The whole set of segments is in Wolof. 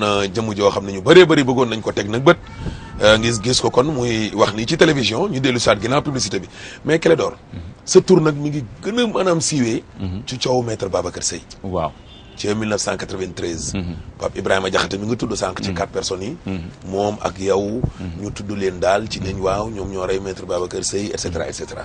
na jëmm joo xam ne ñu bëree bëri bëggoon nañ ko teg nag bët euh, ngis gis ko kon muy wax nii ci télévision ñu dellu saat ginnaaw publicité bi mais Clédor mhm. sa tur nag mi ngi gën a maanaam siiwee mhm. ci coowu maître Babacar Seye waaw ci 1993 mhm. Pape Ibrahima Diakhaté mi ngi tudd sànq ci quatre personnes yi moom ak yow ñu tudd leen daal ci neñ waaw ñoom ñoo rey maître Babacar Seye et cetera et cetera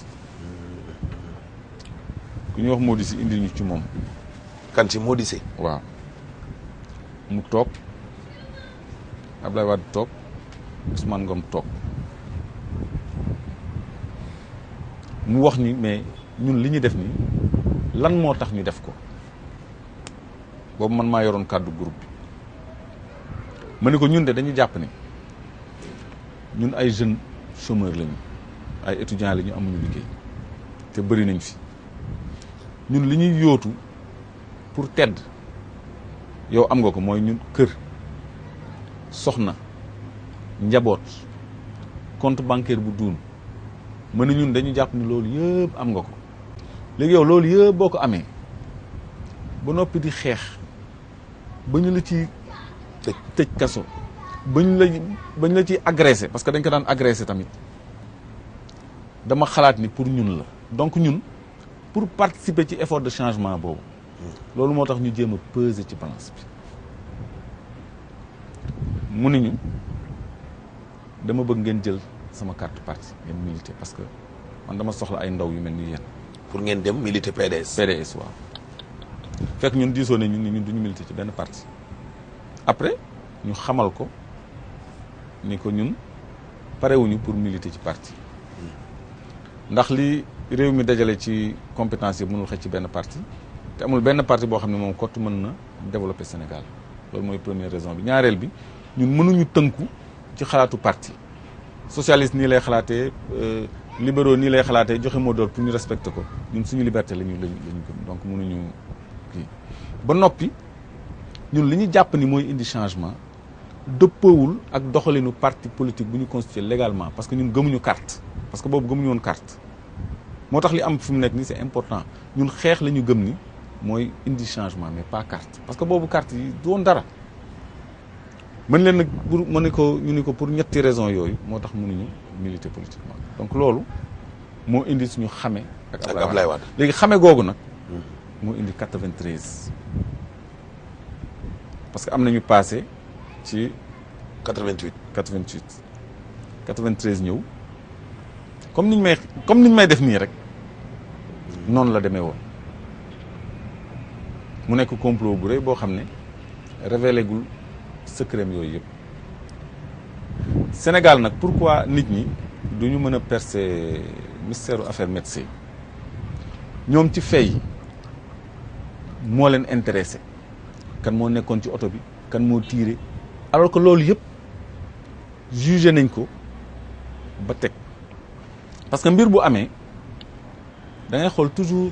ku ñuy wax Modise indil ñu ci moom. kan ci Modise. waaw mu toog Abdoulaye Wade toog Ousmane Ngom toog mu wax ni mais ñun li ñu def nii lan moo tax ñu def ko boobu man maa yoroon kàddu groupe bi ma ne ko ñun de dañu jàpp ni ñun ay jeunes chômeurs lañu ay étudiants lañu amuñu liggéey te bëri nañ fi. ñun li ñuy yóotu pour tedd yow am nga ko mooy ñun kër soxna njaboot compte bancaire bu duun mën na ñun dañu jàpp ni loolu yëpp am nga ko léegi yow loolu yëpp boo ko amee ba noppi di xeex ba ñu la ci tëj tëj kaso ba ñu la la ciy agressé parce que dañ ko daan agressé tamit dama xalaat ni pour ñun la donk ñun pour participer ci effort de changement boobu loolu moo tax ñu jéem a peser ci balance bi mu ni ñu dama bëgg ngeen jël sama carte parti ngeen militer parce que man dama soxla ay ndaw yu mel ni pour ngeen dem militer PDS PDS waaw fekk ñun diisoo ne ñun ni ñun duñu militer ci benn parti après ñu xamal ko ni ko ñun parewuñu pour militer ci parti hmm. ndax li réew mi dajale ci compétence yi mënul xëcc ci benn parti te amul benn parti boo xam ne moom kott mën na développer Sénégal loolu mooy première raison bi ñaareel bi ñun mënuñu tënku ci xalaatu parti socialiste nii lay xalaatee euh, libéraux nii lay xalaatee joxe mot d'ordre pour ñu respecter ko ñun suñu liberté lañu lañu ñu gëm donc mënuñu kii ba noppi ñun li ñu jàpp ni mooy indi changement dëppoowul ak doxalinu parti politique bu ñu constitué légalement parce que ñun gëmuñu carte parce que boobu gëmuñu woon carte motax li am fum nek ni c'est important ñun xex lañu gëm ni moy indi changement mais pas carte parce que bobu carte yi doon dara mën leen nak pour mën ko ñu ni ko pour ñetti raison yooyu motax tax ñu militer politiquement donc lolu mo indi suñu xamé ak Ablaye wad légui xamé gogu nak hmm. moo indi 93 parce que am nañu passé ci 88 88 93 ñew comme niñ may comme niñ may def ni rek non la demee woon mu nek complot bu reuy bo xamné ne révélé gul secret yooyu yëpp Sénégal nak pourquoi nit ñi duñu mëna percer mystère affaire Med ñom ci fay mo leen intéressé kan mo nekkon ci auto bi kan mo tiré alors que lool yëpp jugé nañ ko ba teg parce que mbir bu amé da ngay xool toujours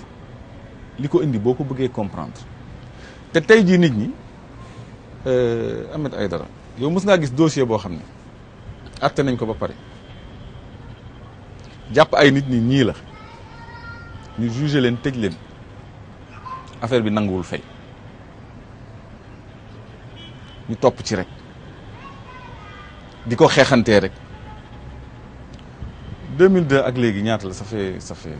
li ko indi boo ko bëggee comprendre te tey jii nit ñi euh, Ahmed Aïdara yow mës ngaa gis dossier boo xam ne atte nañ ko ba pare jàpp ay nit ñi ñii la ñu jugé leen tëj leen affaire bi nanguwul fay ñu topp ci rek di ko xeexantee rek 2002 ak léegi ñaata la ça fait ça fait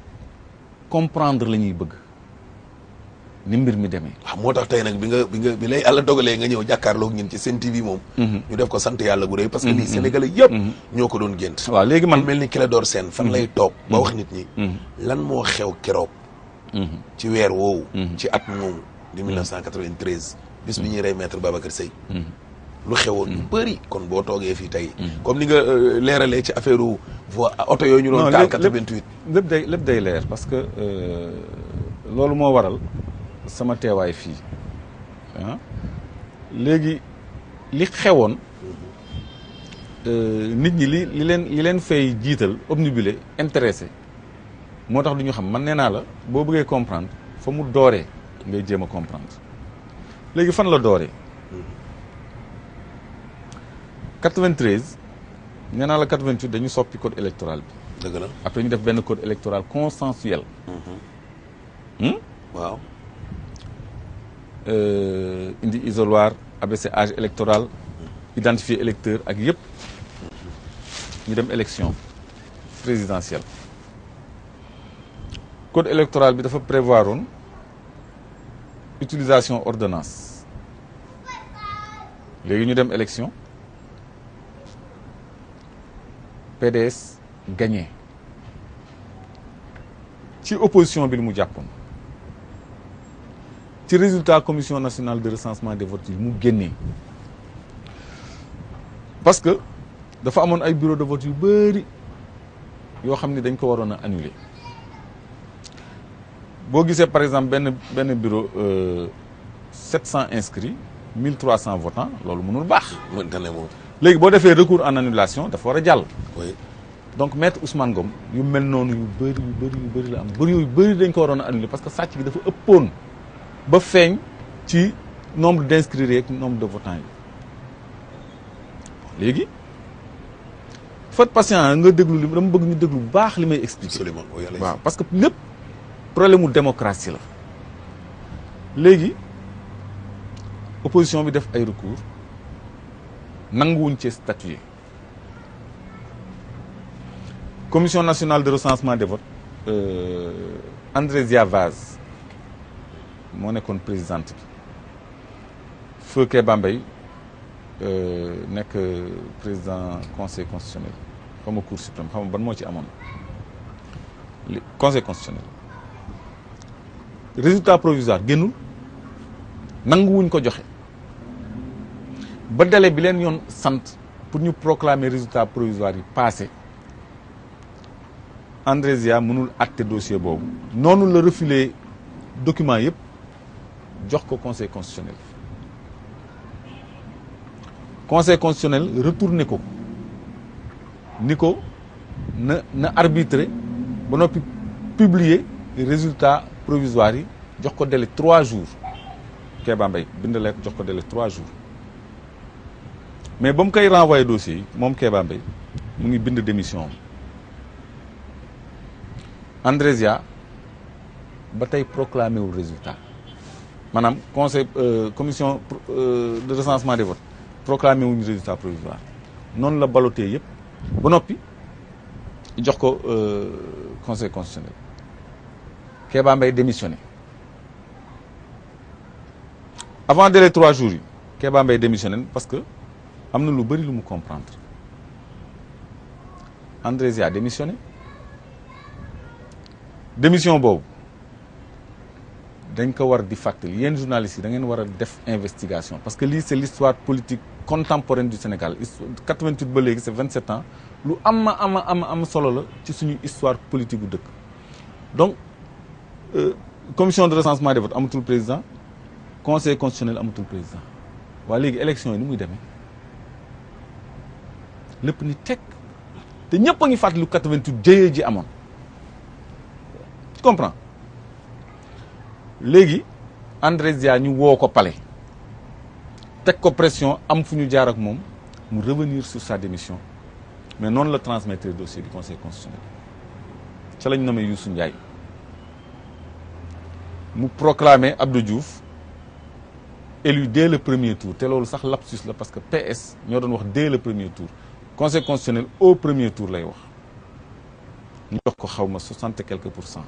comprendre la ñuy bëgg ni mbir mi demee. waaw moo tax tey nag bi nga bi nga bi lay àlla dogalee nga ñëw jàkkaarloog ñun ci seen TV moom. Mhm. ñu def ko sant yàlla gu rëy. parce que mhm. lii mhm. sénégalais yëpp. ñoo ko doon gént. waaw léegi man mel ni Clédor seen fan lay toog. ba wax nit ñi. lan moo xew keroog. ci weer woowu. ci at moomu. di 1993. bis bi ñuy rey maître Babacar Seye. lu xewoon ñu mm. bëri kon boo toogee fii tey. Mm. comme ni nga euh, leeralee ci affaire voie euh, oto yooyu ñu doon taal 88. lépp day lépp day leer parce que euh, loolu moo waral sama teewaay fii ah. léegi li xewoon mm-hmm. nit ñi li li leen li leen fay jiital obnubilé intéressé moo tax lu ñu xam man nee naa la boo buggee comprendre fa mu dooree ngay jéem a comprendre léegi fan la dooree. 93 nous avons la 88 dañu code électoral Après, nous avons après un code électoral consensuel. Il mm-hmm. hmm? euh, indi isoloir ABC âge électoral mm-hmm. identifier électeur ak avons mm-hmm. ñu une élection présidentielle code électoral prévoit l'utilisation prévoir une utilisation ordonnance une ñu élection PDS gagné ci opposition bi bien mu si le résultat de la commission nationale de recensement des votes il mu gagné. parce que dafa amoon ay bureau de vote yu bëri yo xam dañ ko warona a annuler bo par exemple ben ben bureau de euh, 700 inscrits 1300 votants loolu mënul bax légui bo défé recours en annulation dafa wara a donc maître Ousmane Gom yu mel un yu de yu Il yu fait la am yu a parce que satch bi dafa un ba ci nombre d'inscrits, nombre de votants Légui Faut faites nga déglu dama bëgg ñu déglu baax limay expliqué. parce que le problème démocratie la Légui opposition bi def ay recours wuñ ci statuer commission nationale de recensement des votes euh, André Vaz mon présidente bi Bambay euh, n'est que président conseil constitutionnel Comme au cours suprême xam à mon. conseil constitutionnel résultat provisoire nous nanguwuñ ko joxe ba délai pour nous proclamer résultat provisoire passé Andrésia mënul acté dossier bobu noonu la refilé document yépp jox ko conseil constitutionnel conseil constitutionnel retourné ko niko na na arbitré ba nopi publier résultat provisoire yi jox ko délai trois jours Kéba Mbaye bind jox ko délai trois jours mais bam mu koy renvoyé dossier mom moom Kéba mu ngi bind démission Andrésia bataille proclame proclamé résultat Madame, conseil euh, commission euh, de recensement des votes proclamé le résultat provisoire Non la baloté yep. le il jox euh, conseil constitutionnel Kéba démissionné avant de les trois jours il Kéba démissionné parce que am na lu bëri comprendre Andrésia démissionné démission boobu dañ ko war di journalistes yi da ngeen def investigation parce que c'est l'histoire politique contemporaine du Sénégal 88 ba léegi c'est 27 ans lu ama am ama am solo la ci histoire politique Donc, dëkk donc euh, commission de recensement des votes amatul président conseil constitutionnel amatul président waa léegi élection yi ni muy demee lépp ni teg te ñëpp a ngi fàttali 88 jëyee ji amoon tu comprends André André Zia, nous avons parlé. palais ko pression am a fait jaar ak pour revenir sur sa démission mais non le transmettre dossier du conseil constitutionnel ce lañ nommé Youssou Ndiaye mu proclamer Abdou Diouf élu dès le premier tour c'est ce sax lapsus la parce que PS nous avons dit dès le premier tour conseil constitutionnel au premier tour Nous avons dit, ko et quelques pourcents.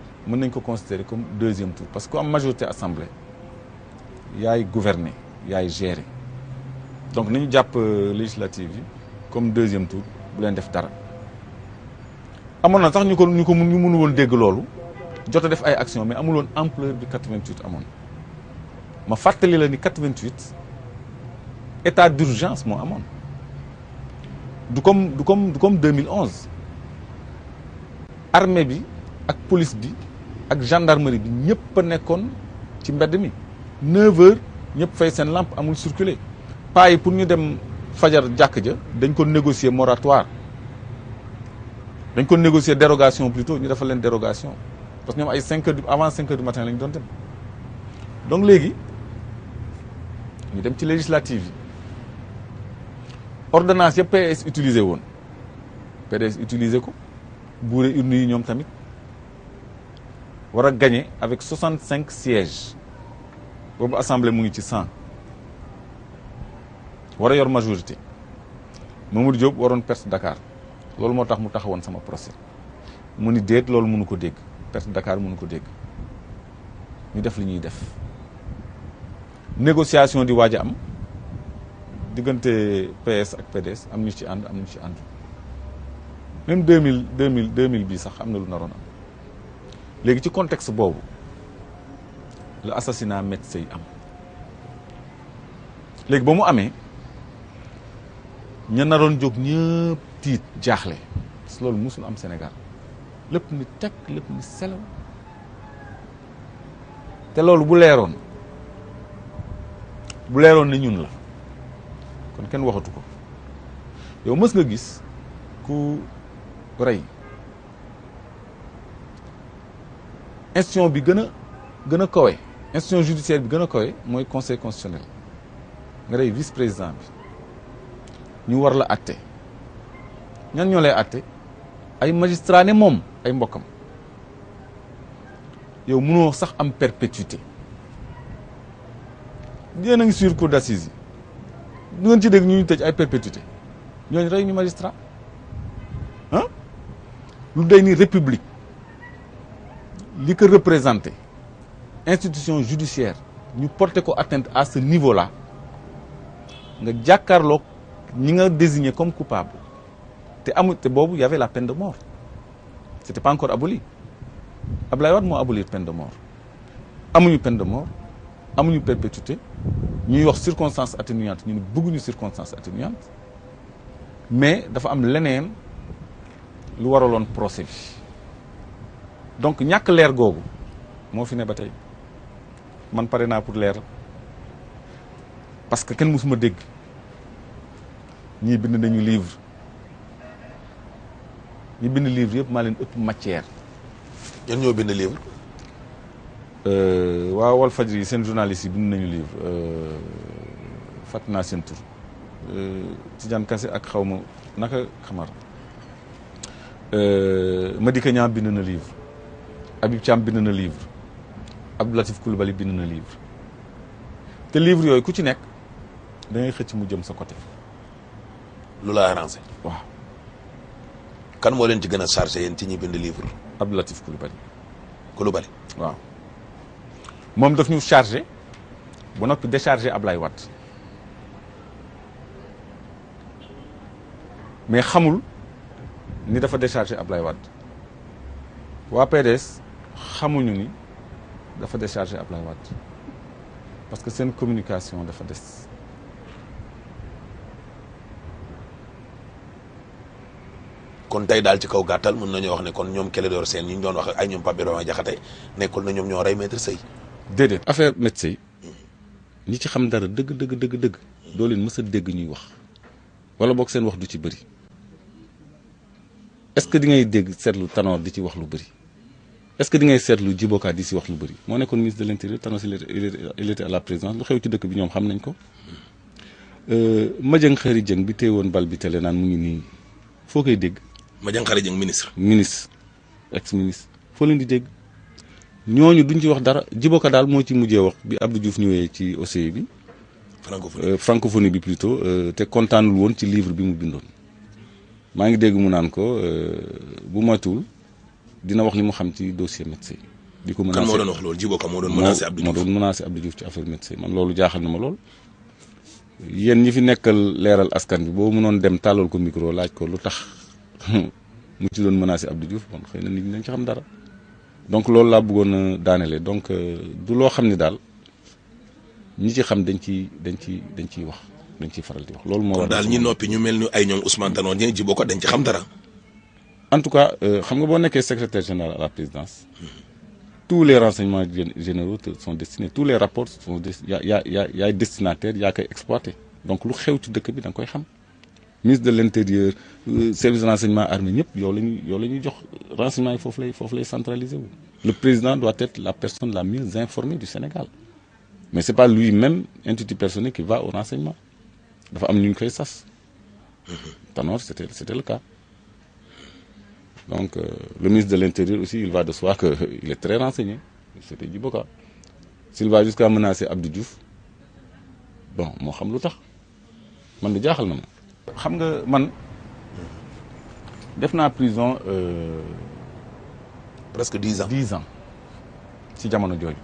Nous nañ ko considérer comme deuxième tour parce que ku majorité assemblée il gouverner a gérer donc nañu la euh, législative comme deuxième tour bu avons def dara amoon na sax ñu ko ñu ko ñu mënu nous dégg loolu jot a def ay action mais amul ampleur de 88 Je ma fàttali la ni 88 état d'urgence mon amon. comme du comme du comme 2011 armée bi la police bi ak gendarmerie bi ñëpp nekkoon ci mbedd mi 9h ñëpp fay seen lampe amul circuler paa yi pour ñu dem fajar jàkk ja dañ ko négocier moratoire dañ ko négocier dérogation plutôt ñu defal leen dérogation parce que ñoom ay 5 heures du avant 5 heures du matin lañ doon dem donc léegi ñu dem ci législative yi ordonnance yëpp PS utilisé woon PDS utilisé ko buure urne yi ñoom tamit. On a gagné avec 65 sièges au Parlement gagné 100 Il a une majorité Mamadou Diop a perte Dakar 100. moo a gagné avec sama procès a gagné avec 100. pas ko gagné perte Dakar il ko gagné ñu négociation di a PS ak PDS am ñu ci même 2000 2000 2000 léegi ci contexte boobu la assassinat met Sèye am léegi ba mu amee na doon jóg ñëpp tiit jaaxle parce loolu musul am Sénégal lépp ni teg lépp ni selaw te loolu bu leeroon bu leeroon ne ñun la kon kenn waxatu ko yow mës nga gis ku rey institution bi institution judiciaire bi conseil constitutionnel nga vice président ñu war la ñan ay ay yow sax perpétuité sur cour d'assises dégg ñu perpétuité ñu magistrat hein? lu day république ce que représente l'institution judiciaire nous porté atteinte à ce niveau là nga Carlock désigné comme coupable te y avait la peine de mort Ce n'était pas encore aboli Ablaye Wade aboli la peine de mort une peine de mort une perpétuité ñuy wax circonstances Nous ñu beaucoup de circonstances atténuantes. mais dafa am leneen lu waraloon procès donc ñàkk leer googu moo fi moi ba bataille. man pare na pour leer parce que kenn mësuma dégg ñii bind nañu livre ñi bind livre yëpp maa leen ëpp matière. yan ñoo bind livre. Euh, wa wal yi sen journaliste bi bind nañu livre euh, fàtt naa seen tur euh, Tidiane kasse ak xawma naka xamar Madické Niang bind na livre. Habib Thiam bind na livre Abdou Latif Koulibaly bind na livre te livre yoy ku ci nek da ngay xëc mu jëm sa côté. lu arrangé. wa kan mo leen ci gëna chargé ci ñi bind livre. Abdou Latif Koulibaly Koulibaly wa mom daf ñu chargé bu nopi déchargé Ablaye Wade mais xamul ni dafa décharger Ablaye Wade waa PDS. xamuñu ni dafa décharger Ablaye Wade parce que seen communication dafa des kon tey daal ci kaw gàttal mun na nañoo wax ne kon ñoom Clédor Sène ñu doon wax ay ñoom Pape Birame Diakhaté nekkul na ñoom ñoo rey maître Sèye déedéet affaire maître Sèye ñi ci xam dara dëgg dëgg dëgg dëgg doo dégg ñuy wax wala boog seen wax du ci bëri est-ce que di ngay dégg seetlu Tanor di ci wax lu bëri est-ce que di ngay seetlu Djibo Ka di si wax lu bëri moo nekkoon ministre de l'intérieur tanos il était à la présidence lu xew ci dëkk bi ñoom xam nañ ko euh, Madiang Khary Dieng bi téye woon bal bi tele naan mu ngi nii foo koy dégg Madiang Khary Dieng ministre ministre ex ministre foo leen di dégg ñooñu duñ ci wax dara Djibo daal moo ci mujjee wax bi Abdou Diouf ñëwee ci OCI bi francophonie euh, francophonie bi plutôt euh, te kontaanul woon ci livre bi mu bindoon maa ngi dégg mu naan ko bu matul dina wax li mu xam ci dossier médecin di ko menacé kan moo doon wax loolu Djibo Ka moo doon menacé Abdou Diouf moo doon menacé Abdou Diouf ci affaire médecin man loolu jaaxal na ma lool. yéen ñi fi nekkal leeral askan bi boo mënoon dem tàllal ko micro laaj ko lu tax mu ci doon menacé Abdou Diouf bon xëy na nit ñi dañ ci xam dara donc loolu laa bëggoon a donc euh, du loo xam ni daal ñi ci xam dañ ci dañ ci dañ ciy wax dañ ciy faral di wax loolu moo. daal ñi noppi ñu mel ni ay ñoom Ousmane Tanor ñi Djibo Ka dañ ci xam dara. en tout cas euh, xam nga est secrétaire général à la présidence tous les renseignements généraux sont destinés tous les rapports sont destinés, il y a des destinataire il koy a donc lu xew ci dëkk bi da koy ministre de l'Intérieur, Le euh, service de renseignement armé, il yow renseignement centraliser le président doit être la personne la mieux informée du Sénégal mais ce n'est pas lui-même petit personnel qui va au renseignement Il faut amener une crise Tanor c'était le cas donc, euh, le ministre de l'Intérieur aussi, il va de soi qu'il est très renseigné. C'était Boka. S'il va jusqu'à menacer Abdou Diouf, bon, moi, je sais Man, je sais pas. man, def na prison euh, presque 10 ans. 10 ans. Si jamono joy.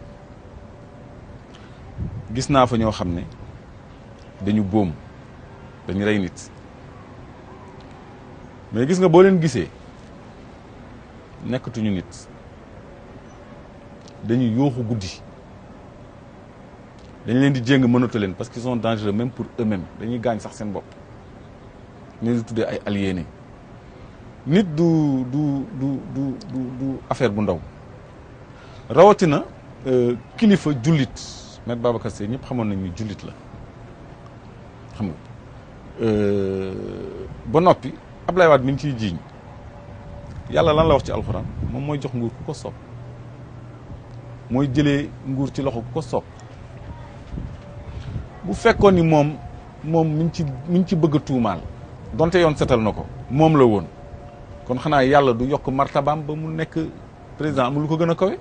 Gis na fa ñoo xamné dañu boom, dañu ray nit. Mais gis nga bo len gisé nekkatuñu nit dañuy yooxu guddi dañ leen di jéng mënatu leen parce qu'ils sont dangereux même pour eux-mêmes dañuy gaañ sax seen bopp ñu di tuddee ay aliénés nit du du du du du affaire bu ndaw rawatina euh, kilifa jullit Babacar ni la xam nga euh, ba noppi yàlla lan la wax ci alxuraan moom mooy jox nguur ku jëlee nguur ci loxo ku ko soob bu fekkoon ni moom moom mi ci mi ci bëgg a tuumaal donte yoon setal na ko moom la woon kon xanaa yàlla du yokk martabaam ba mu nekk président amul lu ko gën a kawe.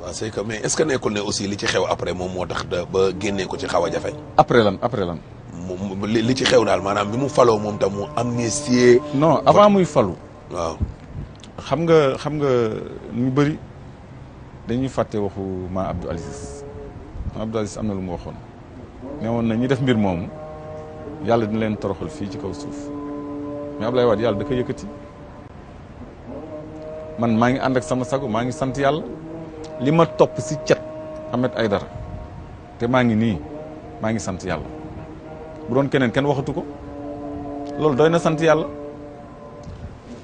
waaw c'est que mais est-ce que nekkul ne aussi li ci xew après moom moo tax ba génnee ko ci xaw a jafe. après lan après lan. li ci xew daal maanaam bi mu faloo moom tam mu amnistie. non avant muy falu. waaw xam nga xam nga ñu bari dañuy fàtte waxu ma Abdou Aziz ma Abdou Aziz am na lu mu waxoon ne woon na ñi def mbir moomu yàlla dina leen toroxal fii ci kaw suuf mais Ablaye yàlla da man maa ngi ànd ak sama sagu, maa ngi sant yàlla li ma topp si cet Ahmed santial. te maa ngi nii maa ngi sant yàlla bu doon keneen kenn waxatu ko loolu doy na sant yàlla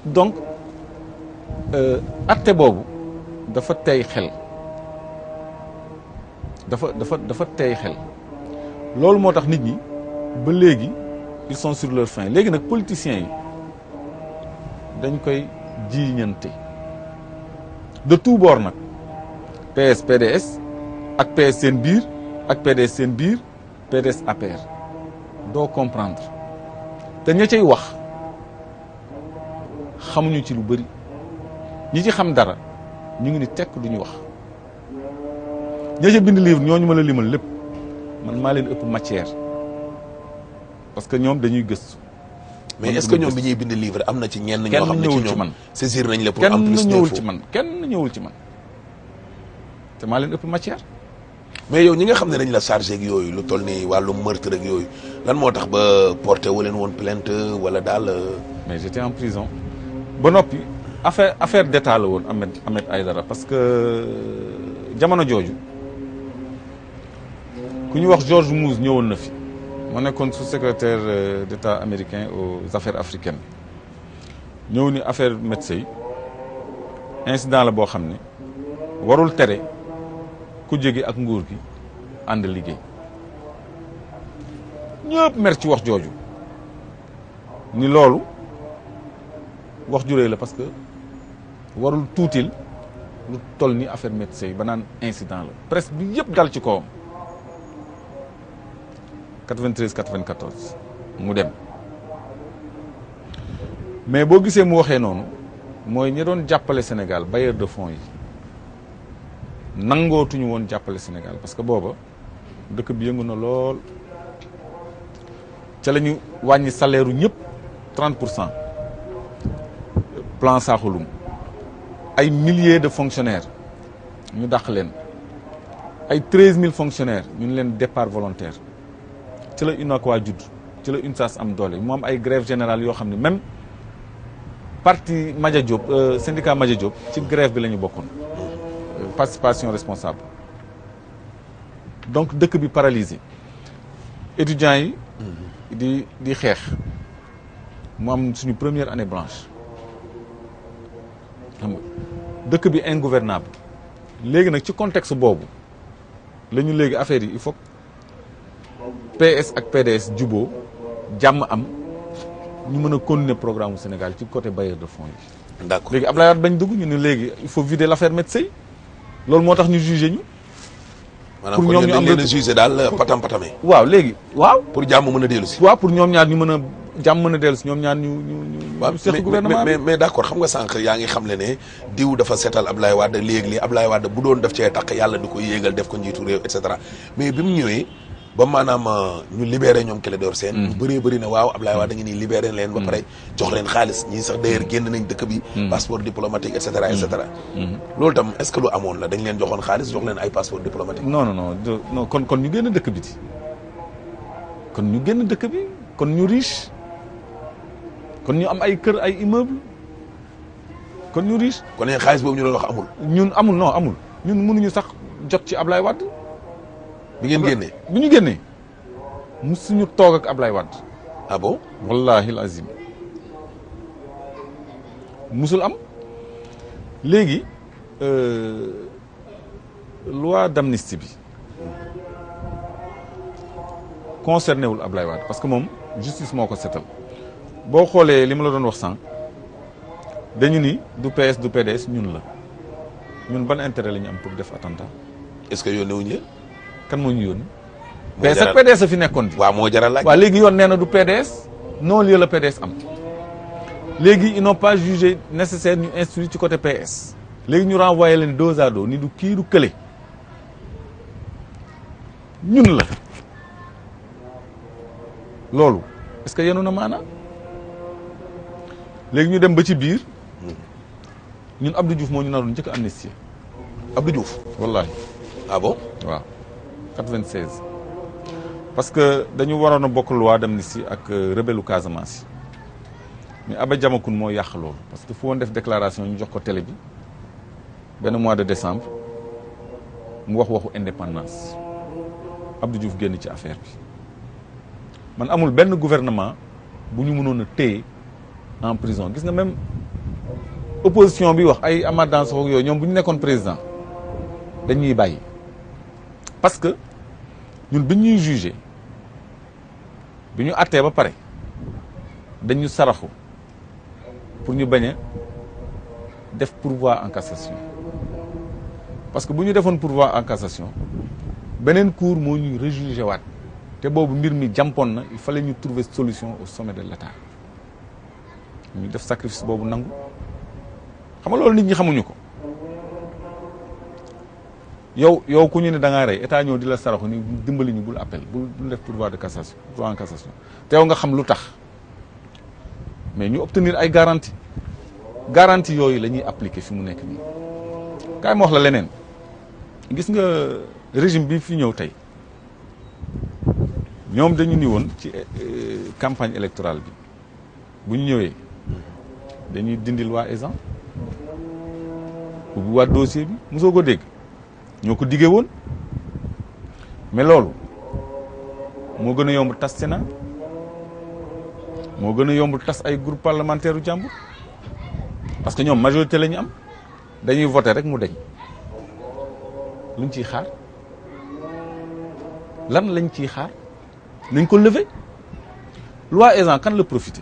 donc Euh, atte boobu dafa tey xel dafa dafa dafa tey xel loolu moo tax nit ñi ba léegi ils sont sur leur faim léegi nag politiciens yi dañ koy jiiñante de tout bord nag PS PDS ak PS seen biir ak PDS seen biir PDS APR doo comprendre te ña cay wax xamuñu ci lu bëri ñi ci xam dara ñu ngi ni tekk ñu wax nous bind livre la limal man matière parce que ñoom dañuy gëstu. mais est-ce que ñoom bi ñuy bind livre ci ñenn ci nañ la pour am plus ci man kenn matière. mais yow ñi nga xam dañ la chargé ak lu toll meurtre ak yooyu lan moo ba euh, mais j'étais en prison ba noppi affaire affaire d'état Ahmed Aïdara parce que euh, jamono jojo ku wax George Mouz, ñewon na fi sous-secrétaire euh, d'état américain aux affaires africaines affaire médecin incident la bo xamné warul téré ku jégué ak nguur gi and liggé wax ni wax juree la parce que warul tuutil lu toll ni affaire médecin yi ba naan incident la presse bi yëpp dal ci kawam 93 94 mu dem mais boo gisee mu waxee noonu mooy ñi doon jàppale Sénégal bailleur de fonds yi nangootuñu woon jàppale Sénégal parce que booba dëkk bi yëngu na lool ca la ñu wàññi salaire ñëpp 30 pour cent plan a ay milliers de fonctionnaires ñu Il leen ay treize mille fonctionnaires ñu ngi leen départ volontaire ci la UNACOIS judd ci la UNSAS am doole mu am ay grève générale yo xamni même parti Madia Diop euh, syndicat Madia Diop ci grève bi lañu ñu bokkoon euh, participation responsable donc dëkk bi paralysé étudiants yi mm-hmm. di di xex mu am suñu première année blanche xam dëkk bi ingouvernable léegi nag ci contexte boobu la ñu léegi affaire yi il faut PS ak PDS juboo jàmm am ñu mën a continuer programme Sénégal ci côté bailleur de fonds yi. d'accord léegi Abdoulaye Wade bañ dugg ñu ne léegi il faut vider l'affaire Maître Sèye loolu moo tax ñu jugé ñu. pour ñoom ñu am leen jugé daal patam patamee. waaw léegi waaw. pour jàmm mën a dellu si. waaw pour ñoom ñaar ñu mën a. jam mën a dellu si ñoom ñaan ñu ñu ñu. waaw seq gouvernement mais mais d' accord xam nga sànq yaa ngi xam le ko yéegal def ko njiitu réew et cetera mais bi mu ñëwee ba maanaam euh, ñu libéré ñoom Clédor Sène mm. ñu bëree waaw Ablaye Wade da ngeen ni libéré leen mm. sax d'ailleurs mm. génn nañ dëkk bi passeport diplomatique et cetera et cetera loolu tam est leen joxoon xaalis jox leen ay passeport diplomatique non non kon ñu génn dëkk bi kon ñu génn dëkk bi kon ñu riche kon ñu am ay kër ay immeuble kon ñu riche. kon nag xaalis boobu ñu doon wax amul. ñun amul non amul ñun mënuñu sax jot ci Ablaye Wade. bi ngeen génne bu ñu génnee suñu toog ak Ablaye Wade. ah bon wallaahi lazim musul am léegi euh, loi d'amnistie bi concerné wul Ablaye parce que moom justice moo ko setal. boo xoolee li ma la doon wax sànq dañu ni du PS du PDS ñun la ñun ban intérêt la ñu am pour def attentat. est-ce que yónnee wuñu leen. kan moo ñu yónni. moo jaral PS ak PDS a fi nekkoon. waaw moo jaral laaj. waaw léegi yoon nee na du PDS non lieu la PDS am léegi ils n'ont pas jugé nécessaire ñu instruire ci côté PS. léegi ñu renvoyé leen dos à dos ni du kii du kële ñun la loolu est-ce que yenu na maanaam. léegi ñu dem ba ci biir hmm. ñun Abdou Diouf mo ñu naroon njëkk amnistie Abdou Diouf wallahi ah bon waaw 96 parce que dañu warona a bokk loi d'amnistie ak euh, rebelle Casamance mais Aba Diamacoune moo yàq loolu parce que fu won def déclaration ñu jox ko télé bi ben mois de décembre mu wax waxu indépendance Abdou Diouf génn ci affaire bi man amul ben gouvernement bu ñu mënon téé en prison gis nga même opposition bi wax ay Amath Dansokho ak yooyu ñoom bu ñu nekkoon président dañuy bàyyi parce que ñun bi ñuy jugé bi ñu àttee ba pare dañu saraxu pour ñu bañ def pourvoi en cassation parce que bu ñu defoon pourvoi en cassation beneen cour moo ñuy rejugé waat te boobu mbir mi jàmpoon na il fallait ñu trouver solution au sommet de l'État ñu def sacrifice bobu nangu xam nga loolu nit ñi xamuñu ko yow yow ku ñu ne da nga rey état ñëw di la saraxu ni dimbali ñu bul appel bul def pourvoi de cassation pourvoi de cassation te yow nga xam lu tax mais ñu obtenir ay garantie garantie yooyu la ñuy appliquer fi mu nekk nii kaay ma wax la leneen gis nga régime bi fi ñëw tey ñoom dañu ni woon ci eh, campagne électorale bi bu ñu ñëwee dañuy dindil waa exemple ubbi waat dossier bi mosoo ko dégg ñoo ko diggee woon mais loolu moo gën a yomb tas na moo gën a yomb tas ay groupe parlementaire u parce que ñoom majorité la am dañuy voté rek mu deñ luñ ciy xaar lan lañ ci xaar lañ ko lever loi Ezzan kan la profité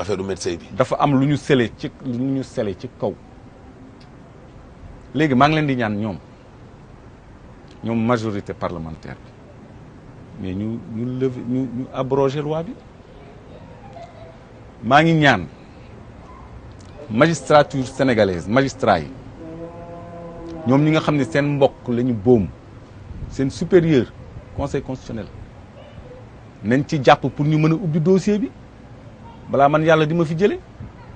affaire médecin bi. dafa am lu ñu sële ci lu ñu sële ci kaw léegi maa ngi leen di ñaan ñoom ñoom majorité parlementaire bi mais ñu ñu lever ñu ñu abroger loi bi maa ngi ñaan magistrature sénégalaise magistrat yi ñoom ñi nga xam ne seen mbokk la ñu boom seen supérieur conseil constitutionnel nañ ci jàpp pour ñu mën a ubbi dossier bi. balaa man yàlla di ma fi jële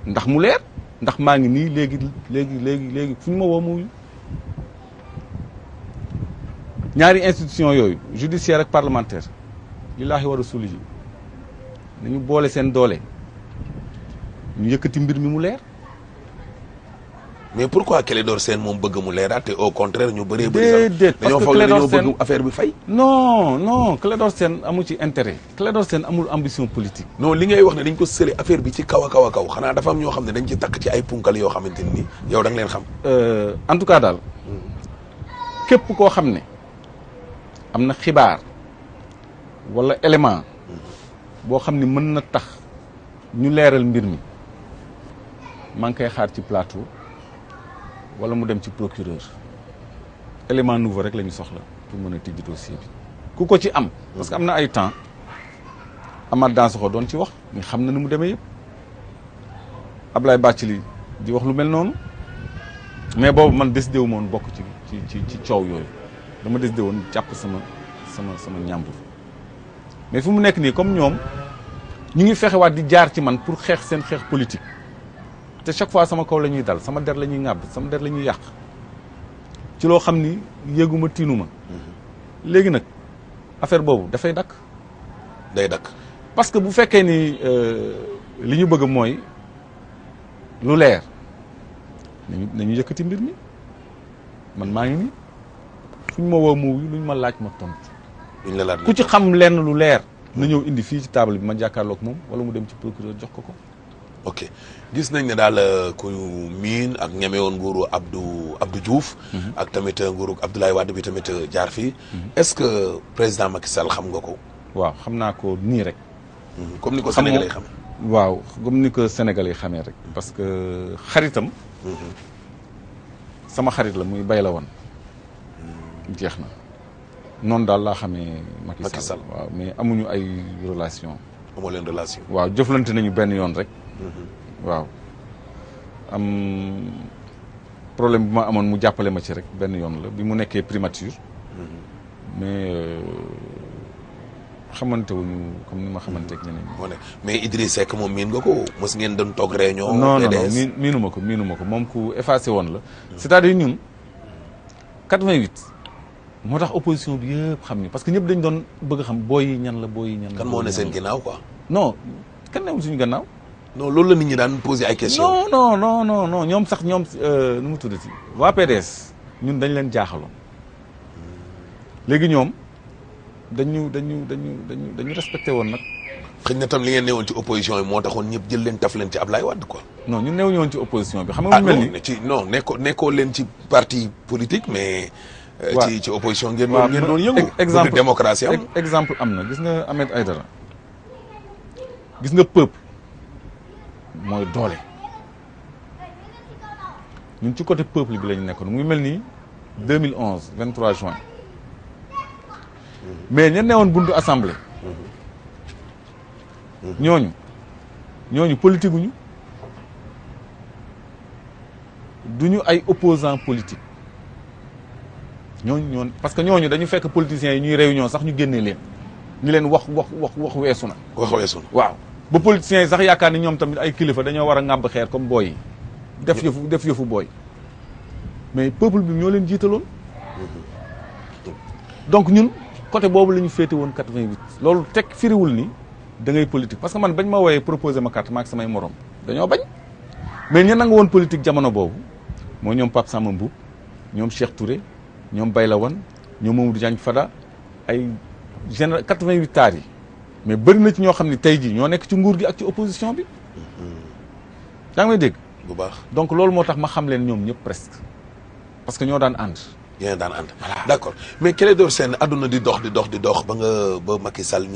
ndax mu leer ndax maa ngi nii léegi léegi léegi léegi fu ñu ma woo mu ñaari institution yooyu judiciaire ak parlementaire lillaahi wa rasuuli ji nañu boole seen doole ñu yëkkati mbir mi mu leer mais pourquoi Clédor Sène moom bëgg mu leeraat te au contraire ñu bëree bëri sax dañoo foog ne dañoo bëgg affaire bi fay non non Clédor Sène amu ci intérêt Clédor Sène amul ambition politique non li ngay wax ne dañ ko sële affaire bi ci kaw a kaw a kaw xanaa dafa am ñoo xam ne dañ ci takk ci ay punkal yoo xamante ni yow da nga leen xam euh, en tout cas daal képp koo xam ne am na xibaar wala élément boo xam ne mën na tax ñu leeral mbir mi maa ngi koy xaar ci plateau wala mu dem ci procureur élément nouveau rek les soxla pour mon a dossier bi ci am. parce que un, ay temps ko don ci wax mais xamna ni mu demee yépp ablay di wax lu mel non, mais bobu man décidé wu mon bok ci ci ci ci décidé sama sama mais comme ñom ñu ngi wat di jaar pour politique. te chaque fois sama kaw la dal sama der lañuy ngab, sama der lañuy yak. ci lo xamni yeguma tinuma mhm. légui nak, affaire bobu da fay dak day dak parce que bu fekkee ni euh liñu bëgg moy lu lèr nañu yëkëti mbir mi man ma ngi ni fuñ ma wo mu luñ ma laaj ma laaj ku ci xam lenn lu lèr na ñew indi fi ci table bi ma jàkkaarloog mom wala mu dem ci procureur jox ko ko ok gis nañ na daal euh, ku miin ak ñeme woon nguuru Abdou Abdou Diouf. Mhm. ak tamit euh, nguuru Abdoulaye Wade bi tamit euh, jaar fii. Mhm. est-ce que président Macky Sall xam nga ko. waaw xam naa ko nii rek. Mhm. comme ni ko Sénégalais xam waaw comme ni ko Sénégalais yi xamee rek. parce que xaritam. sama xarit la muy bay la woon. jeex na noonu daal laa xamee. Macky Sall waaw mais amuñu ay relation amoo leen relation. waaw jëflante nañu benn yoon rek. waaw am problème bu ma amoon mu jàppale ma ci rek benn yoon la bi mu nekkee primature. mais euh, xamante wuñu comme ni ma xamante ak ñeneen ñi. moo ne mais Idriss Seck moom miin nga ko mos ngeen doon toog réunion. non non ko miinu ko moom ku effacé woon la. c'est-à-dire ñun 88. moo tax opposition bi yëpp xam ñi parce que ñëpp dañ doon bëgg xam booy yi ñan la booy yi ñan la. kan moo ne seen ginnaaw quoi. non kan newul suñu gannaaw. non c'est la nit nous daan questions. non non non non non. sax nous euh, nu mu PDS nous dañ leen non ñun ñoon ci opposition ah, non parti politique mais. opposition exemple exemple peuple moy doole ñun ci côté peuple bi la ñu muy melni 2011 23 juin mais ña néwon buntu assemblée ñoñu ñoñu politique ñu duñu ay opposants politiques ñoon parce que ñoñu dañu fekk politiciens qui ñuy réunion sax ñu génnee leen ni leen wax wax wax wax wax waaw bu politiciens yi sax yaakaar ni ñoom tamit ay kilifa dañoo war a ŋàbb xeer comme boy def yëfu def yëfu boy mais peuple bi ñoo leen jiitaloon donc ñun côté boobu la ñu féete woon 88 loolu teg firiwul ni da ngay politique parce que man bañ ma wooyee proposé ma carte ma samay morom dañoo bañ mais ñi nangu woon politique jamono boobu mooy ñoom Pape Samba Mboup ñoom Cheikh Touré ñoom Bayla Wan ñoom Mamadou Diagne Fada ay général 88 taar yi mais bari na ci ño xamni opposition bi. Mm-hmm. donc loolu motax ma presque parce que ño daan Bien daan dans D'accord. mais aduna di dox di dox di dox ba nga ba Macky Sall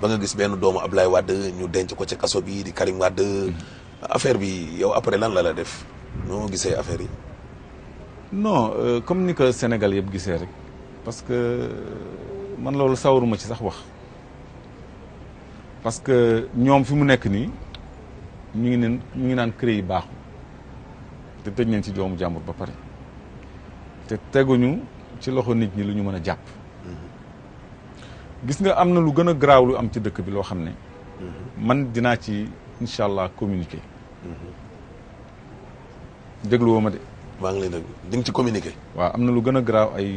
ba nga gis Wade ñu ko ci mm-hmm. affaire bi yow après lan la la def affaire non euh, comme ni Sénégal yeb parce que euh, man loolu ci sax wax. parce que ñoom fi mu nekk nii ñu ngi neen ñu ngi naan cré yi baaxul te tëj nañ ci joomu jàmbur ba pare te teguñu ci loxo nit ñi lu ñu mën a jàpp gis nga am na lu gën a garaaw lu am ci dëkk bi loo xam ne man dinaa ci incha allah communiquer dégluwoo ma de maa ngi ci communiquer waa am na lu gën a garaaw ay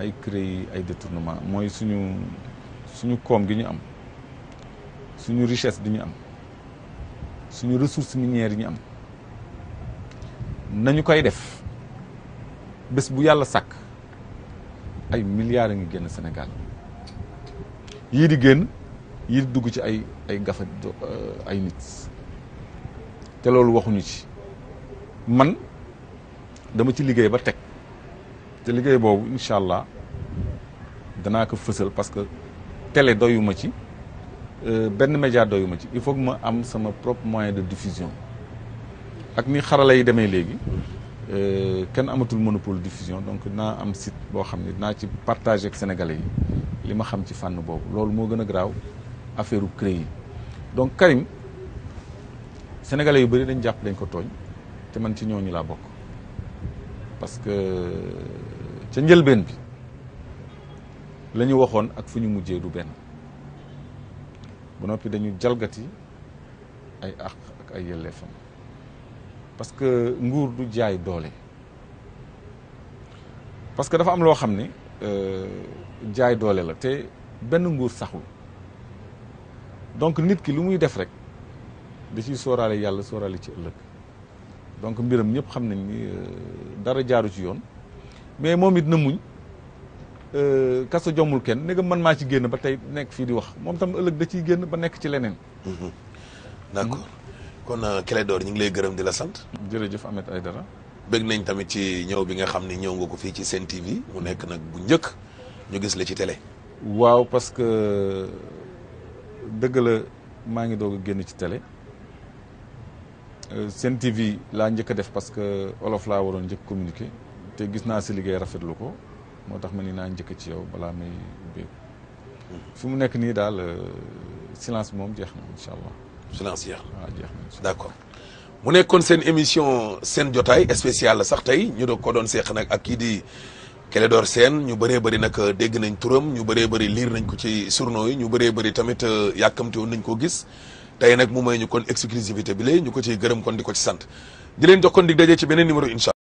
ay cré yi ay détournement mooy suñu suñu koom gi ñu am suñu richesse bi ñu am suñu ressource minière yi ñu am nañu koy def bés bu yàlla sàkk ay milliards a ngi génn Sénégal yii di génn yii di dugg ci ay ay gafa euh, ay nit te loolu waxuñu ci man dama ci liggéey ba teg te liggéey boobu incha allah danaa ko fësal parce que télé doyuma ci ben média doyuma ci il faut que ma am sama propre moyen de diffusion ak ni xarala yi demee léegi euh, kenn amatul monopole diffusion donc na am site bo xamni na ci partager ak sénégalais yi li ma xam ci fànn bobu lolou mo gëna graw affaireu affaire donc Karim sénégalais yu bari dañ japp dañ ko togn té man ci ñoñu la bok parce que ca njëlbeen bi lañu ñu ak fuñu mujjé du benn ba noppi dañu jalgati ay ak ay yelleefam parce que nguur du jaay doole parce que dafa am loo xam ne euh, jaay doole la te benn nguur saxul donc nit ki lu muy def rek da ciy sóoraale yàlla sóoraale ci ëllëg donc mbiram ñëpp xam nañ ni euh, dara jaaru ci yoon mais moom it na muñ Euh, kaso jommul kenn ne nga man maa ci génn ba tey nekk fii di wax moom tam ëllëg da ciy génn ba nekk ci leneen. Mhm. d'accord kon Clédor euh, ñu ngi lay gërëm di la sant. jërëjëf Ahmed dara bëgg nañ tamit ci ñëw bi nga xam ni ñëw nga ko fii ci Sen TV mu nekk nag bu njëkk ñu gis la ci tele waaw parce que dëgg la maa ngi doog a génn ci tele euh, Sen TV laa njëkk def parce que olof laa waroon njëkk communiqué te gis naa si liggéey rafetlu ko. moo tax ma ni naa njëkk ci yow balaa may ubbeeku fi mu nekk nii daal euh, silence moom jeex na incha allah. silence jeex na waaw jeex na. accord mu nekkoon seen émission seen jotaay spécial la sax tey ñu doog ko doon seex nag ak kii di Clédor seen ñu bëree bari nag euh, dégg nañ turam ñu bëree bari liir nañ ko ci journaux yi ñu bare bëri tamit euh, yàkkamte woon nañ ko gis tey nag mu may ñu kon exclusivité bi ñu ko ci gërëm kon di ko ci sant di leen jox kon di daje ci beneen numéro incha